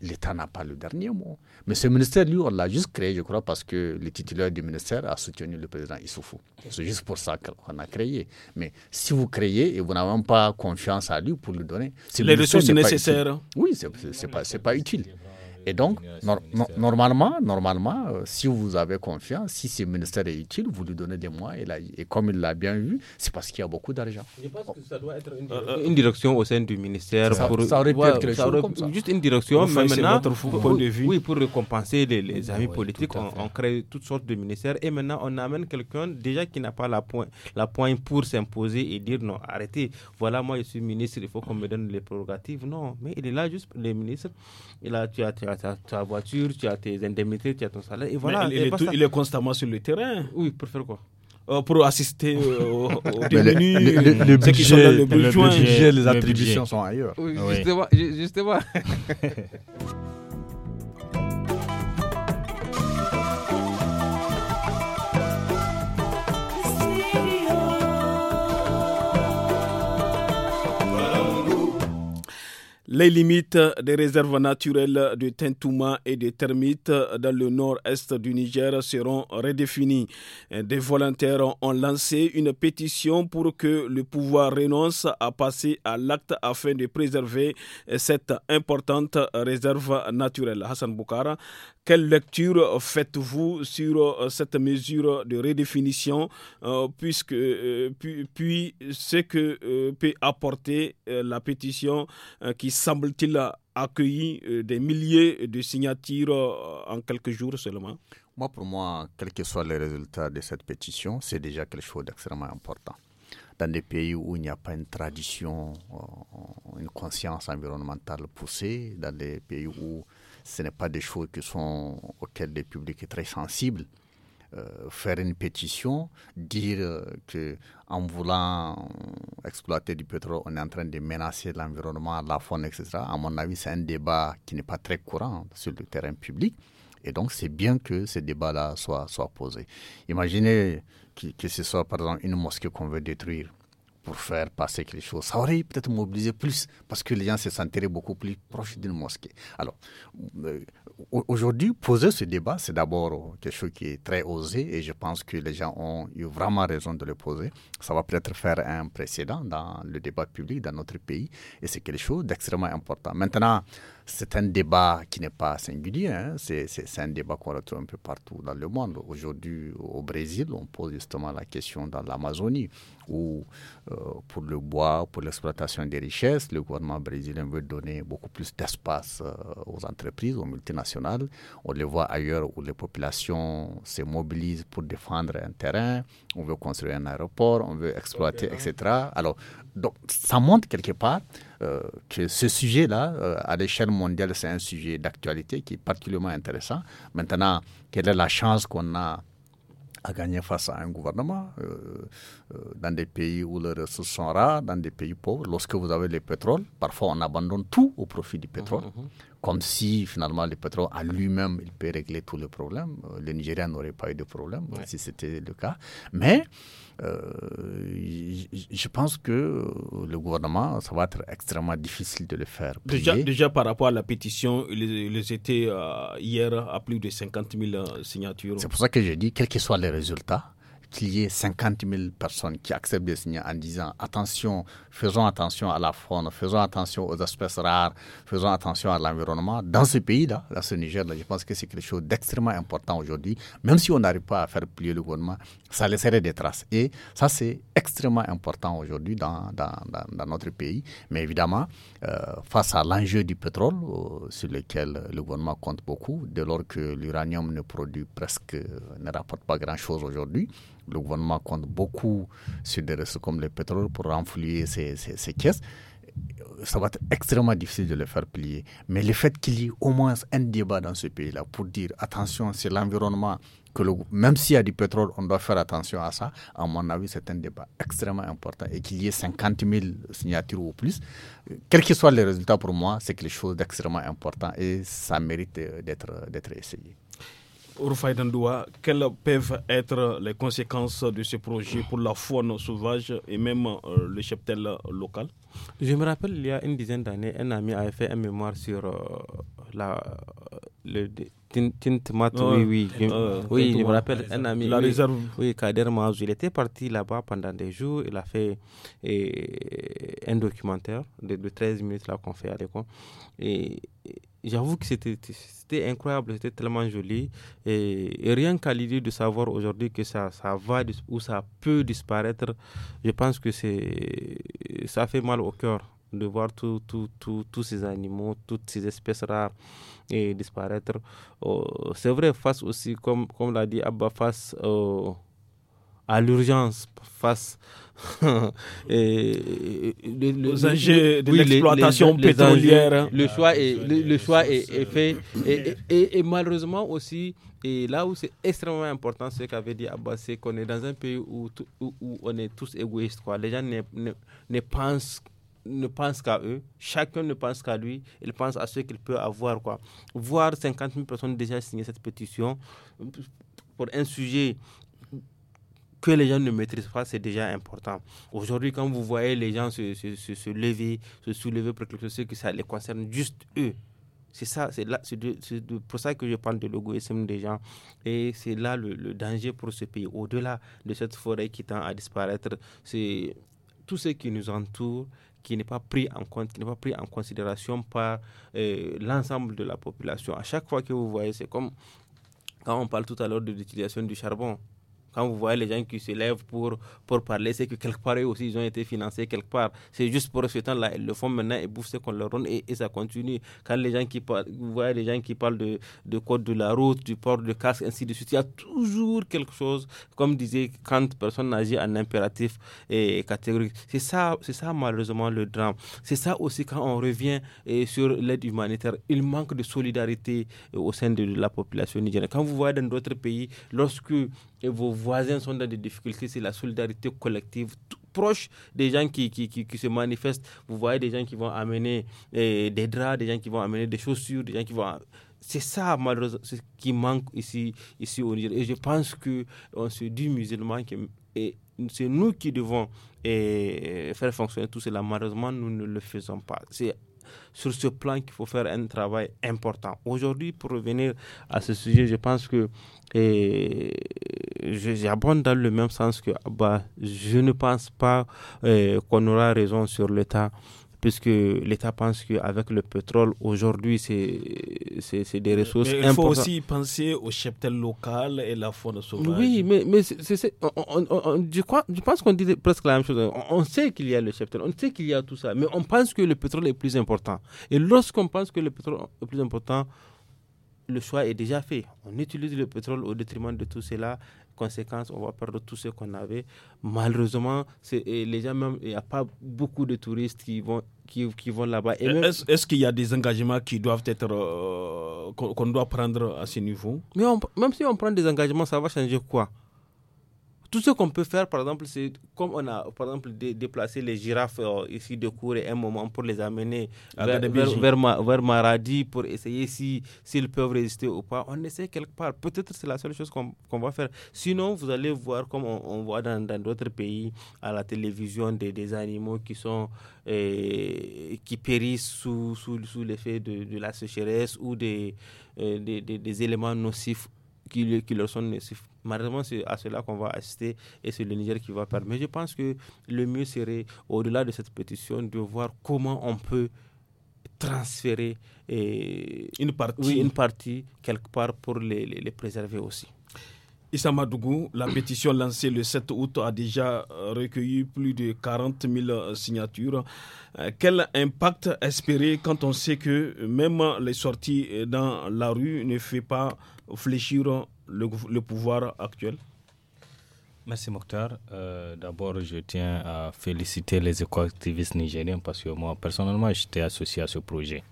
l'État n'a pas le dernier mot. Mais ce ministère, lui, on l'a juste créé, je crois, parce que le titulaire du ministère a soutenu le président Issoufou. C'est juste pour ça qu'on a créé. Mais si vous créez et vous n'avez pas confiance à lui pour lui donner... Les ressources nécessaires. Oui, ce n'est pas, pas, utile. Et donc, normalement, normalement euh, si vous avez confiance, si ce ministère est utile, vous lui donnez des mois Et, là, et comme il l'a bien vu, c'est parce qu'il y a beaucoup d'argent. Je pense que ça doit être une, euh, euh, direction, au sein du ministère. Ça, pour, aurait pu être quelque chose comme ça. Juste une direction, mais maintenant, pour, de vue. Oui, pour récompenser les, amis politiques, on, crée toutes sortes de ministères. Et maintenant, on amène quelqu'un déjà qui n'a pas la pointe la pointe pour s'imposer et dire non, arrêtez, voilà, moi je suis ministre, il faut qu'on me donne les prérogatives. Non, mais il est là juste, le ministre, il a, tu tu as as ta, voiture, tu as tes indemnités, tu as ton salaire. Et voilà, il, est constamment sur le terrain. Oui, pour faire quoi euh, pour assister aux, aux le, les attributions sont ailleurs. Oui, justement, justement. Les limites des réserves naturelles de Tintouma et de termites dans le nord-est du Niger seront redéfinies. Des volontaires ont lancé une pétition pour que le pouvoir renonce à passer à l'acte afin de préserver cette importante réserve naturelle. Hassan Boukara, quelle lecture faites-vous sur euh, cette mesure de redéfinition, euh, puisque, euh, puis, ce que peut apporter la pétition qui semble-t-il accueillir des milliers de signatures en quelques jours seulement Moi, pour moi, quels que soit les résultats de cette pétition, c'est déjà quelque chose d'extrêmement important dans des pays où il n'y a pas une tradition, une conscience environnementale poussée, dans des pays où ce n'est pas des choses qui sont, auxquelles le public est très sensible. Euh, faire une pétition, dire euh, que en voulant exploiter du pétrole, on est en train de menacer l'environnement, la faune, etc. À mon avis, c'est un débat qui n'est pas très courant sur le terrain public. Et donc, c'est bien que ce débat-là soit, soit posé. Imaginez que, que, ce soit, par exemple, une mosquée qu'on veut détruire pour faire passer quelque chose. Ça aurait peut-être mobilisé plus parce que les gens se sentiraient beaucoup plus proches d'une mosquée. Alors, euh, aujourd'hui, poser ce débat, c'est d'abord quelque chose qui est très osé et je pense que les gens ont eu vraiment raison de le poser. Ça va peut-être faire un précédent dans le débat public dans notre pays et c'est quelque chose d'extrêmement important. Maintenant, c'est un débat qui n'est pas singulier, hein. c'est un débat qu'on retrouve un peu partout dans le monde. Aujourd'hui, au Brésil, on pose justement la question dans l'Amazonie, où euh, pour le bois, pour l'exploitation des richesses, le gouvernement brésilien veut donner beaucoup plus d'espace euh, aux entreprises, aux multinationales. On le voit ailleurs où les populations se mobilisent pour défendre un terrain, on veut construire un aéroport, on veut exploiter, hein. etc. Alors, donc ça montre quelque part euh, que ce sujet-là, euh, à l'échelle mondiale, c'est un sujet d'actualité qui est particulièrement intéressant. Maintenant, quelle est la chance qu'on a à gagner face à un gouvernement euh, dans des pays où les ressources sont rares, dans des pays pauvres. Lorsque vous avez le pétrole, parfois on abandonne tout au profit du pétrole, mmh, mmh, mmh. comme si finalement le pétrole à lui-même, il peut régler tous les problèmes. Le Nigeria n'aurait pas eu de problème si c'était le cas. Mais euh, je pense que euh, le gouvernement, ça va être extrêmement difficile de le faire. Déjà, déjà, par rapport à la pétition, ils, ils étaient euh, hier à plus de 50 000 signatures. C'est pour ça que je dis, quels que soient les résultats, qu'il y ait 50 000 personnes qui acceptent de signer en disant attention, faisons attention à la faune, faisons attention aux espèces rares, faisons attention à l'environnement. Dans ce pays-là, dans ce Niger-là, je pense que c'est quelque chose d'extrêmement important aujourd'hui. Même si on n'arrive pas à faire plier le gouvernement, ça laisserait des traces. Et ça, c'est extrêmement important aujourd'hui dans, notre pays. Mais évidemment, euh, face à l'enjeu du pétrole, euh, sur lequel le gouvernement compte beaucoup, dès lors que l'uranium ne produit presque, euh, ne rapporte pas grand-chose aujourd'hui, le gouvernement compte beaucoup sur des ressources comme le pétrole pour renflouer ces caisses ça va être extrêmement difficile de les faire plier. Mais le fait qu'il y ait au moins un débat dans ce pays-là pour dire attention, c'est l'environnement, que le, même s'il y a du pétrole, on doit faire attention à ça, à mon avis, c'est un débat extrêmement important. Et qu'il y ait 50 000 signatures ou plus, quels que soient les résultats pour moi, c'est quelque chose d'extrêmement important et ça mérite euh, d'être essayé. Rufai Dandoua, quelles peuvent être les conséquences de ce projet pour la faune sauvage et même euh, le cheptel local je me rappelle, il y a une dizaine d'années, un ami avait fait un mémoire sur euh, la, le Tintimat. oui, oui. oui, je me rappelle, un ami. La réserve. Oui, Kader Il était parti là-bas pendant des jours. Il a fait un documentaire de, 13 minutes là qu'on fait à Et j'avoue que c'était incroyable, c'était tellement joli. Et, rien qu'à l'idée de savoir aujourd'hui que ça, ça va ou ça peut disparaître, je pense que c'est ça fait mal au cœur de voir tous tout, tous ces animaux, toutes ces espèces rares et disparaître. Euh, c'est vrai, face aussi, comme, comme l'a dit Abba, face à l'urgence face et, aux enjeux de l'exploitation pétrolière. le ah, choix est, le, choix est, fait. Et, malheureusement aussi, et là où c'est extrêmement important ce qu'avait dit Abbas, c'est qu'on est dans un pays où, où, on est tous égoïstes. Quoi. Les gens ne, ne, pensent ne pense qu'à eux, chacun ne pense qu'à lui, il pense à ce qu'il peut avoir. Quoi. Voir 50 000 personnes déjà signer cette pétition pour un sujet que les gens ne maîtrisent pas, c'est déjà important. Aujourd'hui, quand vous voyez les gens se, lever, se soulever pour quelque chose que ça les concerne juste eux, c'est ça, c'est là, pour ça que je parle de l'égoïsme des gens. Et c'est là le, danger pour ce pays. Au-delà de cette forêt qui tend à disparaître, c'est tout ce qui nous entoure qui n'est pas pris en compte, qui n'est pas pris en considération par euh, l'ensemble de la population. À chaque fois que vous voyez, c'est comme quand on parle tout à l'heure de l'utilisation du charbon. Quand vous voyez les gens qui se lèvent pour, pour parler, c'est que quelque part, eux aussi, ils ont été financés quelque part. C'est juste pour ce temps-là, ils le font maintenant, et bouffent ce qu'on leur donne et, ça continue. Quand les gens qui vous voyez les gens qui parlent de, de code de la route, du port de casque, ainsi de suite, il y a toujours quelque chose, comme disait Kant, personne n'agit en impératif et, catégorique. C'est ça, c'est ça malheureusement le drame. C'est ça aussi quand on revient sur l'aide humanitaire, il manque de solidarité euh, au sein de la population nigérienne. Quand vous voyez dans d'autres pays, lorsque et vos voisins sont dans des difficultés, c'est la solidarité collective proche des gens qui, qui, qui, se manifestent. Vous voyez des gens qui vont amener eh, des draps, des gens qui vont amener des chaussures, des gens qui vont... C'est ça, malheureusement, ce qui manque ici, ici au Niger. Et je pense qu'on se dit musulman et c'est nous qui devons eh, faire fonctionner tout cela. Malheureusement, nous ne le faisons pas. C'est sur ce plan qu'il faut faire un travail important. Aujourd'hui, pour revenir à ce sujet, je pense que eh, j'abonde dans le même sens que bah, je ne pense pas eh, qu'on aura raison sur l'État puisque l'État pense qu'avec le pétrole, aujourd'hui, c'est des ressources mais, il faut aussi penser au cheptel local et la faune sauvage. Oui, mais, mais je, crois, je, pense qu'on dit presque la même chose. On, sait qu'il y a le cheptel, on sait qu'il y a tout ça, mais on pense que le pétrole est plus important. Et lorsqu'on pense que le pétrole est plus important, le choix est déjà fait. On utilise le pétrole au détriment de tout cela. Conséquence, on va perdre tout ce qu'on avait. Malheureusement, les même, il n'y a pas beaucoup de touristes qui vont, qui, vont là-bas. Est-ce qu'il y a des engagements qui doivent être euh, qu'on doit prendre à ce niveau Mais même si on prend des engagements, ça va changer quoi tout ce qu'on peut faire, par exemple, c'est comme on a, par exemple, déplacé les girafes euh, ici de et un moment pour les amener vers, vers, Maradi pour essayer s'ils peuvent résister ou pas. On essaie quelque part. Peut-être c'est la seule chose qu'on va faire. Sinon, vous allez voir, comme on, voit dans d'autres pays, à la télévision, des, animaux qui sont euh, qui périssent sous, sous, l'effet de, de, la sécheresse ou des, euh, des éléments nocifs qui, qui leur sont Malheureusement, c'est à cela qu'on va assister et c'est le Niger qui va perdre. Mais je pense que le mieux serait, au-delà de cette pétition, de voir comment on peut transférer une partie, une partie quelque part pour les, les préserver aussi. Isamadougou, la pétition lancée le 7 août a déjà euh, recueilli plus de 40 000 euh, signatures. Euh, quel impact espérer quand on sait que même les sorties dans la rue ne fait pas fléchir le, pouvoir actuel Merci Mokhtar. D'abord, je tiens à féliciter les éco-activistes nigériens parce que moi, personnellement, j'étais associé à ce projet.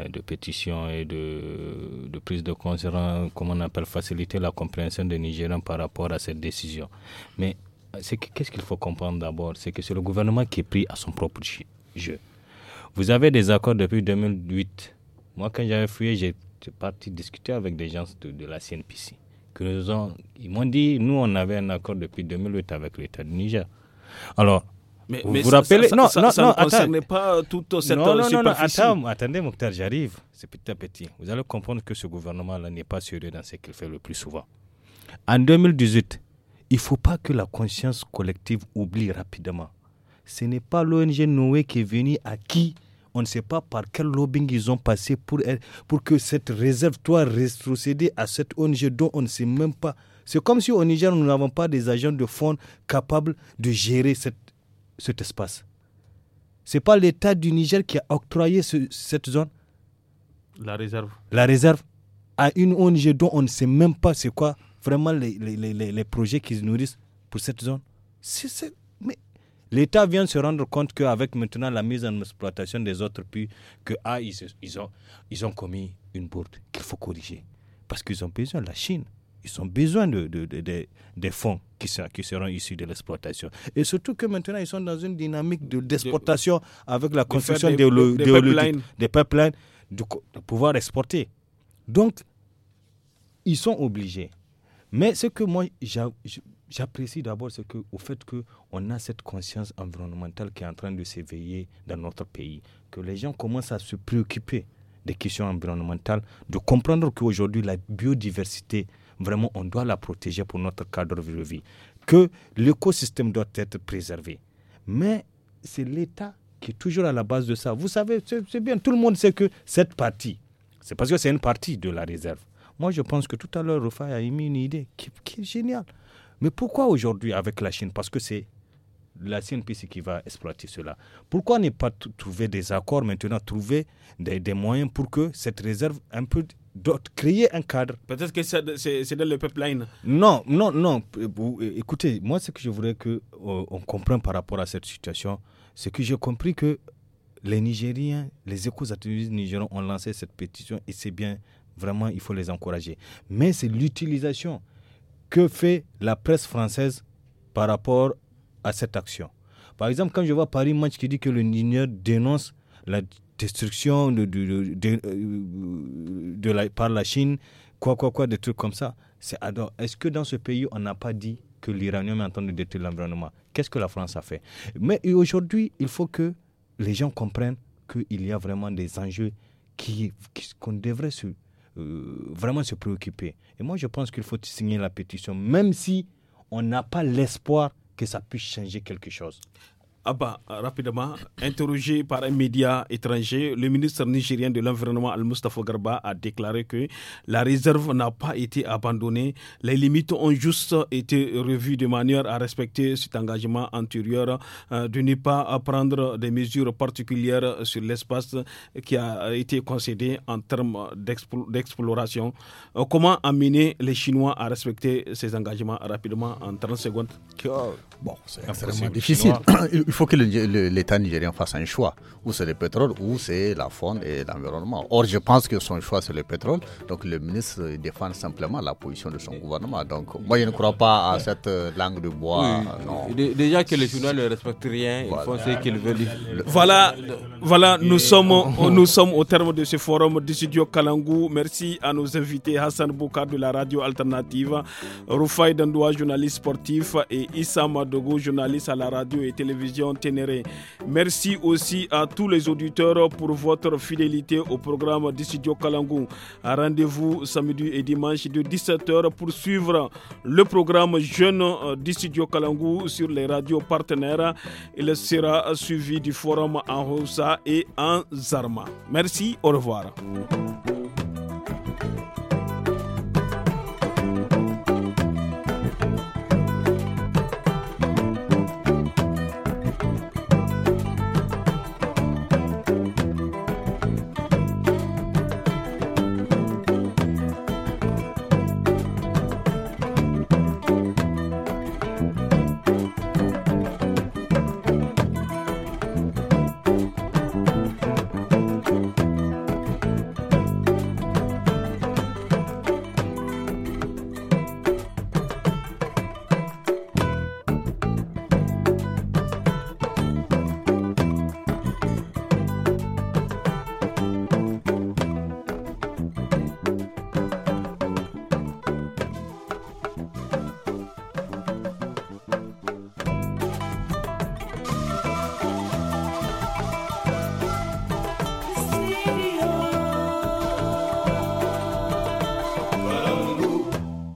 Euh, de pétition et de, de prise de conscience, comme on appelle, faciliter la compréhension des Nigériens par rapport à cette décision. Mais qu'est-ce qu'il faut comprendre d'abord C'est que c'est le gouvernement qui est pris à son propre jeu. Vous avez des accords depuis 2008. Moi, quand j'avais fouillé, j'étais parti discuter avec des gens de, la CNPC. Que nous ont, ils m'ont dit, nous, on avait un accord depuis 2008 avec l'État du Niger. Alors, mais, vous vous rappelez non, non, pas tout non, non, non, attendez, Mokhtar, j'arrive. C'est petit à petit. Vous allez comprendre que ce gouvernement-là n'est pas sérieux dans ce qu'il fait le plus souvent. En 2018, il ne faut pas que la conscience collective oublie rapidement. Ce n'est pas l'ONG Noé qui est venue à qui on ne sait pas par quel lobbying ils ont passé pour, pour que cette réserve soit rétrocédée à cette ONG dont on ne sait même pas. C'est comme si au Niger, nous n'avons pas des agents de fonds capables de gérer cette cet espace. Ce n'est pas l'État du Niger qui a octroyé cette zone. La réserve. La réserve à une ONG dont on ne sait même pas c'est quoi vraiment les, les, les, les projets qu'ils nourrissent pour cette zone. mais l'État vient se rendre compte qu'avec maintenant la mise en exploitation des autres puits, que ah, ils, ils, ont, ils ont commis une bourde qu'il faut corriger. Parce qu'ils ont besoin de la Chine ils ont besoin de, des fonds qui, qui, seront issus de l'exploitation. Et surtout que maintenant, ils sont dans une dynamique d'exportation avec la construction des, des, pipelines, des de, pouvoir exporter. Donc, ils sont obligés. Mais ce que moi, j'apprécie d'abord, c'est que, au fait qu'on a cette conscience environnementale qui est en train de s'éveiller dans notre pays, que les gens commencent à se préoccuper des questions environnementales, de comprendre qu'aujourd'hui, la biodiversité, Vraiment, on doit la protéger pour notre cadre de vie. Que l'écosystème doit être préservé. Mais c'est l'État qui est toujours à la base de ça. Vous savez, c'est bien, tout le monde sait que cette partie, c'est parce que c'est une partie de la réserve. Moi, je pense que tout à l'heure, Rufa a émis une idée qui, est géniale. Mais pourquoi aujourd'hui avec la Chine Parce que c'est la CNPC qui va exploiter cela. Pourquoi ne pas trouver des accords maintenant, trouver des, moyens pour que cette réserve un peu d'autres, créer un cadre. Peut-être que c'est dans le pipeline. Non, non, non. Euh, écoutez, moi, ce que je voudrais qu'on euh, on comprenne par rapport à cette situation, c'est que j'ai compris que les Nigériens, les éco nigériens ont lancé cette pétition et c'est bien, vraiment, il faut les encourager. Mais c'est l'utilisation que fait la presse française par rapport à cette action. Par exemple, quand je vois Paris Match qui dit que le Niger dénonce la destruction de, de, de, euh, par la Chine, quoi, quoi, quoi, des trucs comme ça. C'est Est-ce que dans ce pays, on n'a pas dit que l'Iranium est en train de détruire l'environnement Qu'est-ce que la France a fait Mais aujourd'hui, il faut que les gens comprennent qu'il y a vraiment des enjeux qui, qu'on devrait se, euh, vraiment se préoccuper. Et moi, je pense qu'il faut signer la pétition, même si on n'a pas l'espoir que ça puisse changer quelque chose. Abba, rapidement, interrogé par un média étranger, le ministre nigérien de l'Environnement Al-Mustafa Garba a déclaré que la réserve n'a pas été abandonnée. Les limites ont juste été revues de manière à respecter cet engagement antérieur euh, de ne pas prendre des mesures particulières sur l'espace qui a été concédé en termes d'exploration. Euh, comment amener les Chinois à respecter ces engagements rapidement en 30 secondes Bon, c'est extrêmement difficile. Il faut que l'État nigérien fasse un choix. Ou c'est le pétrole, ou c'est la faune et l'environnement. Or, je pense que son choix, c'est le pétrole. Donc, le ministre défend simplement la position de son gouvernement. Donc, moi, je ne crois pas à cette euh, langue de bois. Euh, déjà que les journalistes ne respectent rien, ils font ce qu'ils veulent. Voilà, voilà nous, sommes, nous sommes au terme de ce forum du studio Kalangou. Merci à nos invités Hassan Bouka de la radio alternative, Rufai Dandoua, journaliste sportif, et Issa Madogo, journaliste à la radio et télévision Ténéré. Merci aussi à tous les auditeurs pour votre fidélité au programme du Kalangou. Rendez-vous samedi et dimanche de 17h pour suivre le programme Jeune euh, du Kalangou sur les radios partenaires. Il sera suivi du forum en Rosa et en Zarma. Merci, au revoir.